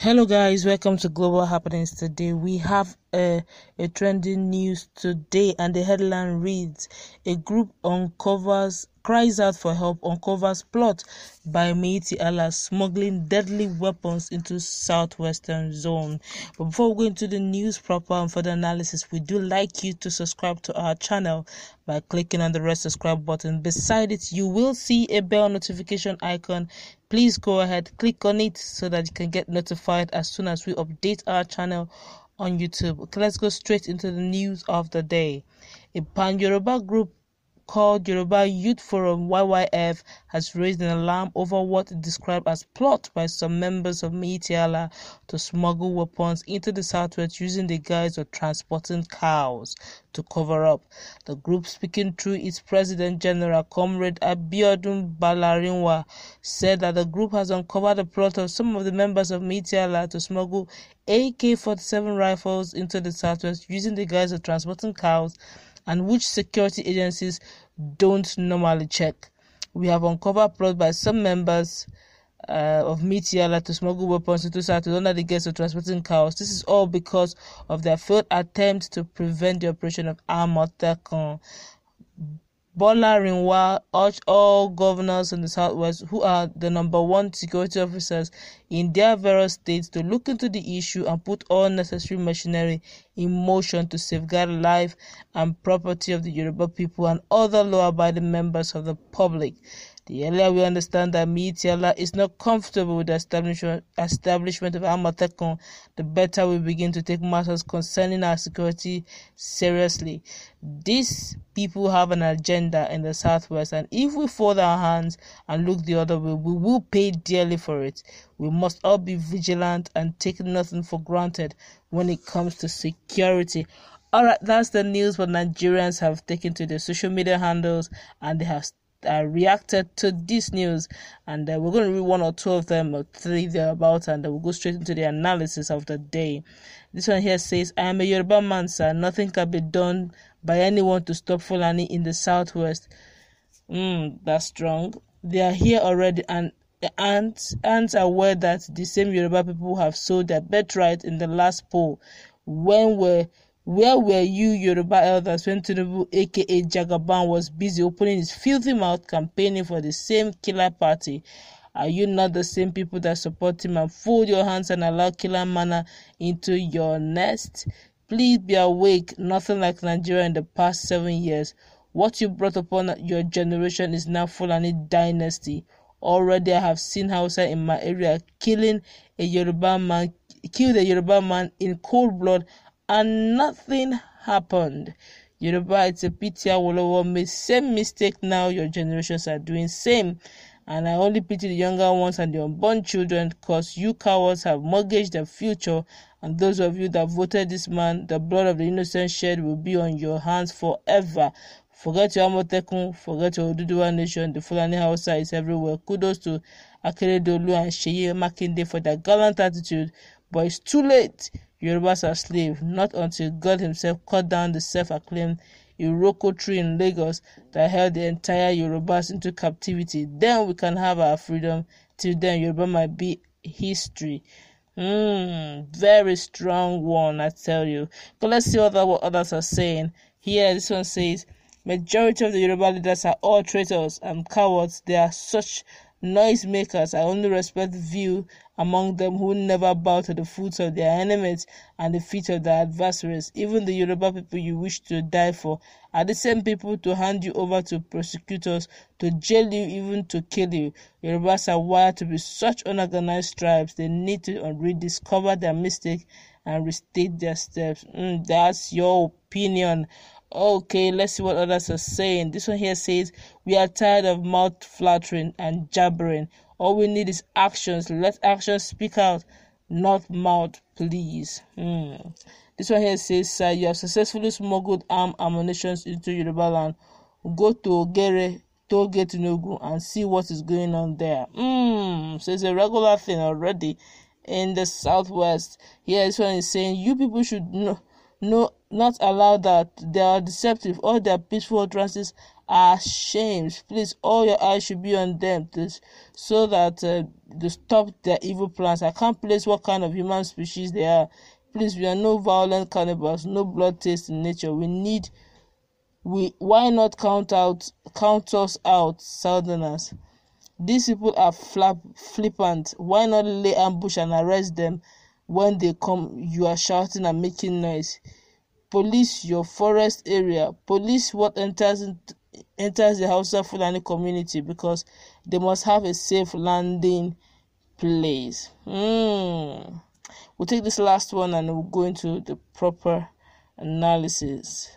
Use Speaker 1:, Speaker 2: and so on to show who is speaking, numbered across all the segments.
Speaker 1: Hello guys, welcome to Global Happenings today. We have a, a trending news today and the headline reads A group uncovers cries out for help uncovers plot by Meiti Allah smuggling deadly weapons into southwestern zone. But before we go into the news proper and further analysis, we do like you to subscribe to our channel by clicking on the red subscribe button. Beside it, you will see a bell notification icon please go ahead click on it so that you can get notified as soon as we update our channel on youtube okay, let's go straight into the news of the day a pan yoruba group called Yoruba Youth Forum YYF has raised an alarm over what it described as plot by some members of Militia to smuggle weapons into the southwest using the guise of transporting cows to cover up. The group, speaking through its president general, Comrade Abiodun Balarinwa, said that the group has uncovered a plot of some of the members of Militia to smuggle AK 47 rifles into the southwest using the guise of transporting cows and which security agencies don't normally check. We have uncovered plots by some members uh, of Mitiala to smuggle weapons into Saturday under the guise of transporting cows. This is all because of their failed attempt to prevent the operation of Amotekun. Bola Rinwa urged all governors in the southwest who are the number one security officers in their various states to look into the issue and put all necessary machinery in motion to safeguard life and property of the Yoruba people and other law-abiding members of the public. The earlier we understand that Miitiala is not comfortable with the establishment, establishment of Amatekon, the better we begin to take matters concerning our security seriously. These people have an agenda in the southwest, and if we fold our hands and look the other way, we will pay dearly for it. We must all be vigilant and take nothing for granted when it comes to security. Alright, that's the news. But Nigerians have taken to their social media handles and they have uh, reacted to this news, and uh, we're going to read one or two of them, or three about, and uh, we'll go straight into the analysis of the day. This one here says, "I am a Yoruba man, sir. Nothing can be done by anyone to stop Fulani in the southwest." Mm, that's strong. They are here already, and are ants, ants are aware that the same Yoruba people have sold their birthright in the last poll, when were where were you Yoruba elders when Tinubu aka Jagaban was busy opening his filthy mouth campaigning for the same killer party? Are you not the same people that support him and fold your hands and allow killer manna into your nest? Please be awake. Nothing like Nigeria in the past seven years. What you brought upon your generation is now Fulani dynasty. Already, I have seen Hausa in my area killing a Yoruba man, killed a Yoruba man in cold blood and nothing happened. Yoruba, it's a pity Awolowo made same mistake now your generations are doing same. And I only pity the younger ones and the unborn children because you cowards have mortgaged their future and those of you that voted this man, the blood of the innocent shed will be on your hands forever. Forget your Amotekun, forget your Oduduwa nation, the Fulani Hausa is everywhere. Kudos to Akeredolu and Sheye Makinde for their gallant attitude But it's too late. Yorubas are slaves. Not until God Himself cut down the self acclaimed Iroko tree in Lagos that held the entire Yorubas into captivity. Then we can have our freedom. Till then, Yoruba might be history. Mm, very strong one, I tell you. But let's see other, what others are saying. Here, this one says, majority of the Yoruba leaders are all traitors and cowards. They are such Noisemakers I only respect view among them who never bow to the foot of their enemies and the feet of their adversaries. Even the Yoruba people you wish to die for are the same people to hand you over to prosecutors, to jail you, even to kill you. Yorubas are wired to be such unorganized tribes. They need to rediscover their mistake and restate their steps. Mm, that's your opinion Okay, let's see what others are saying. This one here says, We are tired of mouth flattering and jabbering. All we need is actions. Let actions speak out, not mouth, please. Hmm. This one here says, Sir, you have successfully smuggled armed ammunition into Yoruba land. Go to Ogere, Toge Tinugu, and see what is going on there. Hmm. So it's a regular thing already in the southwest. Here, this one is saying, You people should know no, not allow that. They are deceptive. All their peaceful utterances are shames. Please, all your eyes should be on them so that uh, to stop their evil plans. I can't place what kind of human species they are. Please, we are no violent cannibals, no blood taste in nature. We need, we why not count out, count us out, southerners? These people are flap, flippant. Why not lay ambush and arrest them? when they come you are shouting and making noise police your forest area police what enters enters the Hausa Fulani community because they must have a safe landing place mm. we'll take this last one and we'll go into the proper analysis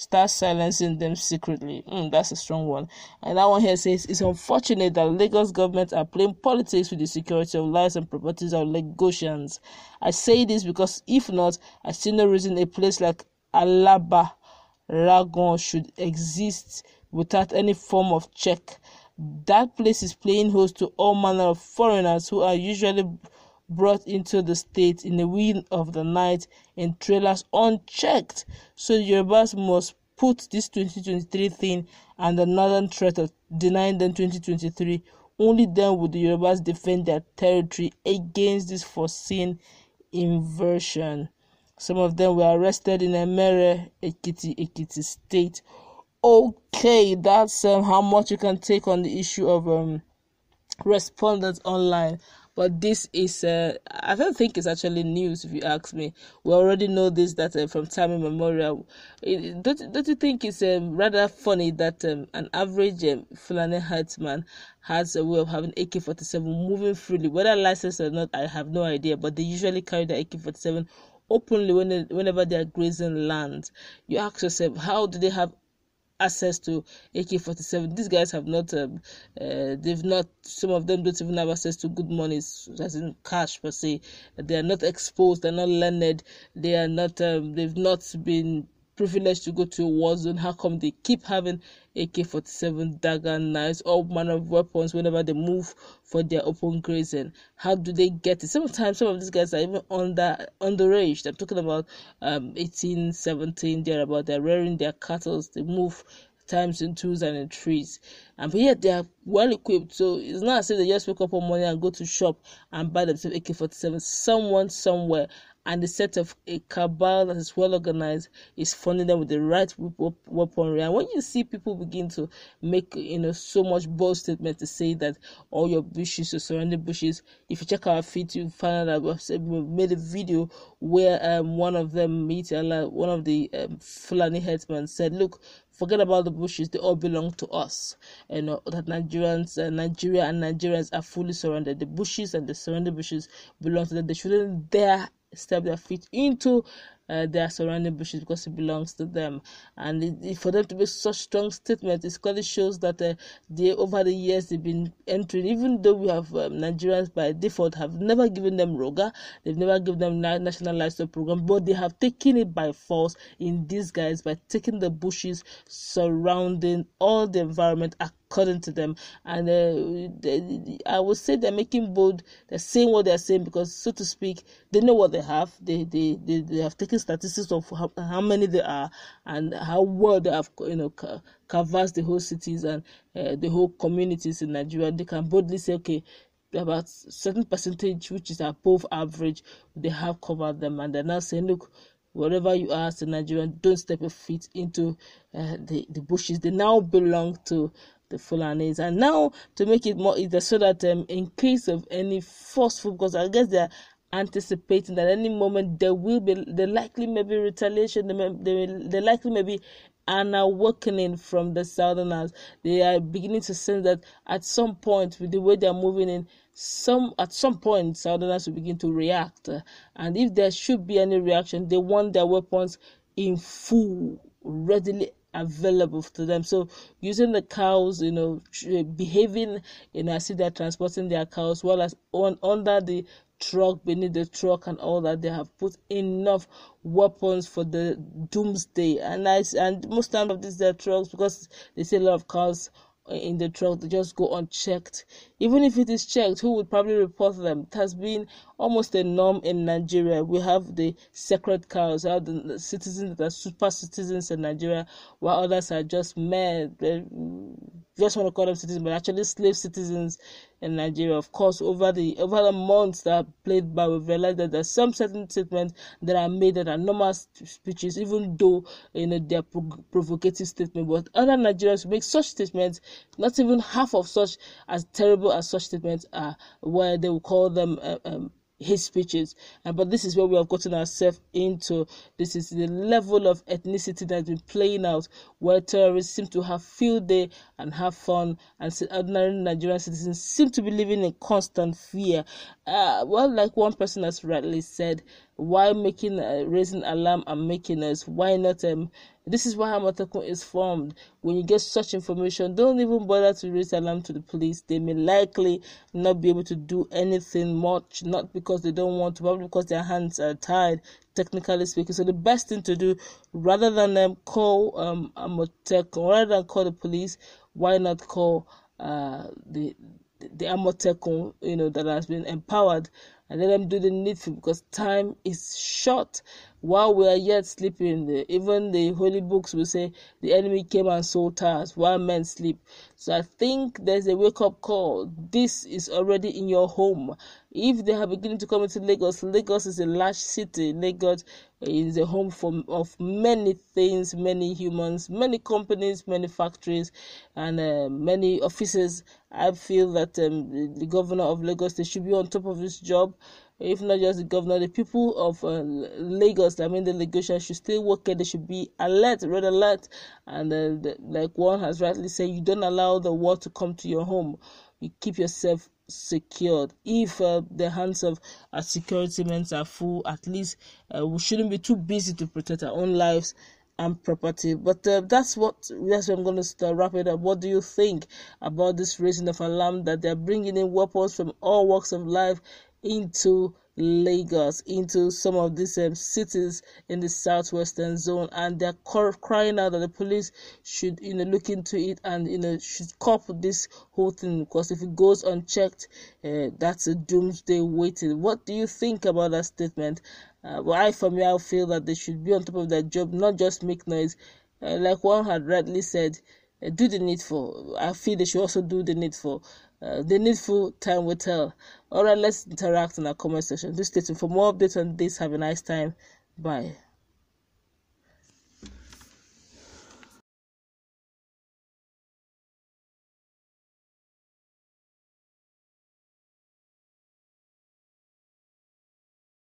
Speaker 1: start silencing them secretly. Mm, that's a strong one. And that one here says it's unfortunate that Lagos government are playing politics with the security of lives and properties of Lagosians. I say this because if not, I see no reason a place like Alaba Ragon should exist without any form of check. That place is playing host to all manner of foreigners who are usually brought into the state in the wind of the night in trailers unchecked. So the Yorubas must put this 2023 thing and the northern threat of denying them 2023. Only then will the Yorubas defend their territory against this foreseen inversion. Some of them were arrested in Emere, Ekiti, Ekiti State. Okay, that's um, how much you can take on the issue of um, respondents online. But this is, uh, I don't think it's actually news if you ask me. We already know this that uh, from time immemorial. It, don't, don't you think it's um, rather funny that um, an average um, Fulani herdsman has a way of having AK 47 moving freely? Whether licensed or not, I have no idea, but they usually carry the AK 47 openly when, whenever they are grazing land. You ask yourself, how do they have access to AK-47. These guys have not, um, uh, they've not. Some of them don't even have access to good money, as in cash per se. They are not exposed. They're not learned. They are not. Um, they've not been privileged to go to a war zone, how come they keep having AK 47, dagger, knives, all manner of weapons whenever they move for their open grazing? How do they get it? Sometimes some of these guys are even under underage. I'm talking about um, 18, 17, they're about they're rearing their cattle, they move times in twos and in threes. And yet they are well equipped. So it's not as if they just wake up one morning and go to shop and buy themselves AK 47. Someone somewhere and the set of a cabal that is well organized is funding them with the right weaponry. And when you see people begin to make you know so much bold statement to say that all your bushes, or surrounding bushes, if you check our feed, you find out that we made a video where um, one of them, one of the um, Fulani headsmen, said, "Look, forget about the bushes they all belong to us you know that nigerians uh, nigeria and nigerians are fully surrounded the bushes and the surrounding bushes belong to them they shouldn't dare step their feet into uh, their surrounding bushes because it belongs to them. And it, for them to make such strong statement, it clearly shows that uh, they, over the years, they've been entering, even though we have um, Nigerians by default have never given them ROGA, they've never given them na- National Livestock Program, but they have taken it by force in disguise by taking the bushes surrounding all the environment according to them. And uh, they, I would say they're making bold, they're saying what they're saying because, so to speak, they know what they have. They they, they, they have taken statistics of how, how many there are and how well they have, you know, covers the whole cities and uh, the whole communities in Nigeria. They can boldly say, okay, about certain percentage which is above average, they have covered them, and they're now saying, look, whatever you are as a Nigerian, don't step your feet into uh, the, the bushes. They now belong to the Fulanis. And now to make it more easier, so that um, in case of any forceful, because I guess they're anticipating that any moment there will be, there likely may be retaliation, They, may, they likely may be an awakening from the Southerners. They are beginning to sense that at some point, with the way they are moving in, some at some point Southerners will begin to react. And if there should be any reaction, they want their weapons in full, readily available to them. So using the cows, you know, eh, behaving, in know, as if they're transporting their cows, well as on under the truck, beneath the truck, and all that. They have put enough weapons for the doomsday. And I and most time of these their trucks because they see a lot of cars eh, in the truck they just go unchecked even if it is checked who would probably report them it has been almost a norm in Nigeria. We have the sacred cows, we have the citizens that are super citizens in Nigeria, while others are just men. They just want to call them citizens, but actually slave citizens in Nigeria. Of course, over the over the months that played by, we've realized that some certain statements that are made that are normal speeches, even though you know they're pro- provocative statements. But other Nigerians make such statements, not even half of such as terrible as such statements are, where they will call them uh, um, um his speeches. And but this is where we have gotten ourselves into. This is the level of ethnicity that's been playing out, where terrorists seem to have field day and have fun, and ordinary Nigerian citizens seem to be living in constant fear. Uh, well, like one person has rightly said, why making uh, raising alarm and making us why not um this is why Amotekun is formed when you get such information don't even bother to raise alarm to the police they may likely not be able to do anything much not because they don't want to but because their hands are tied technically speaking so the best thing to do rather than um, call um rather than call the police why not call uh the the Amotekun you know that has been empowered and let them do the needful because time is short. While we are yet sleeping, even the holy books will say the enemy came and sold us while men sleep. So I think there's a wake up call. This is already in your home. If they are beginning to come into Lagos, Lagos is a large city. Lagos is a home for, of many things, many humans, many companies, many factories, and uh, many offices. I feel that um, the governor of Lagos they should be on top of this job if not just the governor, the people of uh, Lagos, I mean the Lagosians should still work it. They should be alert, red alert. And uh, the, like one has rightly said, you don't allow the war to come to your home. You keep yourself secured. If uh, the hands of our uh, security men are full, at least uh, we shouldn't be too busy to protect our own lives and property. But uh, that's what that's what I'm going to wrap it up. What do you think about this raising of alarm that they're bringing in weapons from all walks of life into Lagos, into some of these um, cities in the southwestern zone, and they're crying out that the police should, you know, look into it and, you know, should cop this whole thing because if it goes unchecked, uh, that's a doomsday waiting. What do you think about that statement? Uh, well, I, for me, I feel that they should be on top of their job, not just make noise. Uh, like one had rightly said, eh, do the needful. I feel they should also do the needful. Uh, the needful time will tell. All right, let's interact in our comment section. Do stay tuned for more updates on this. Have a nice time. Bye.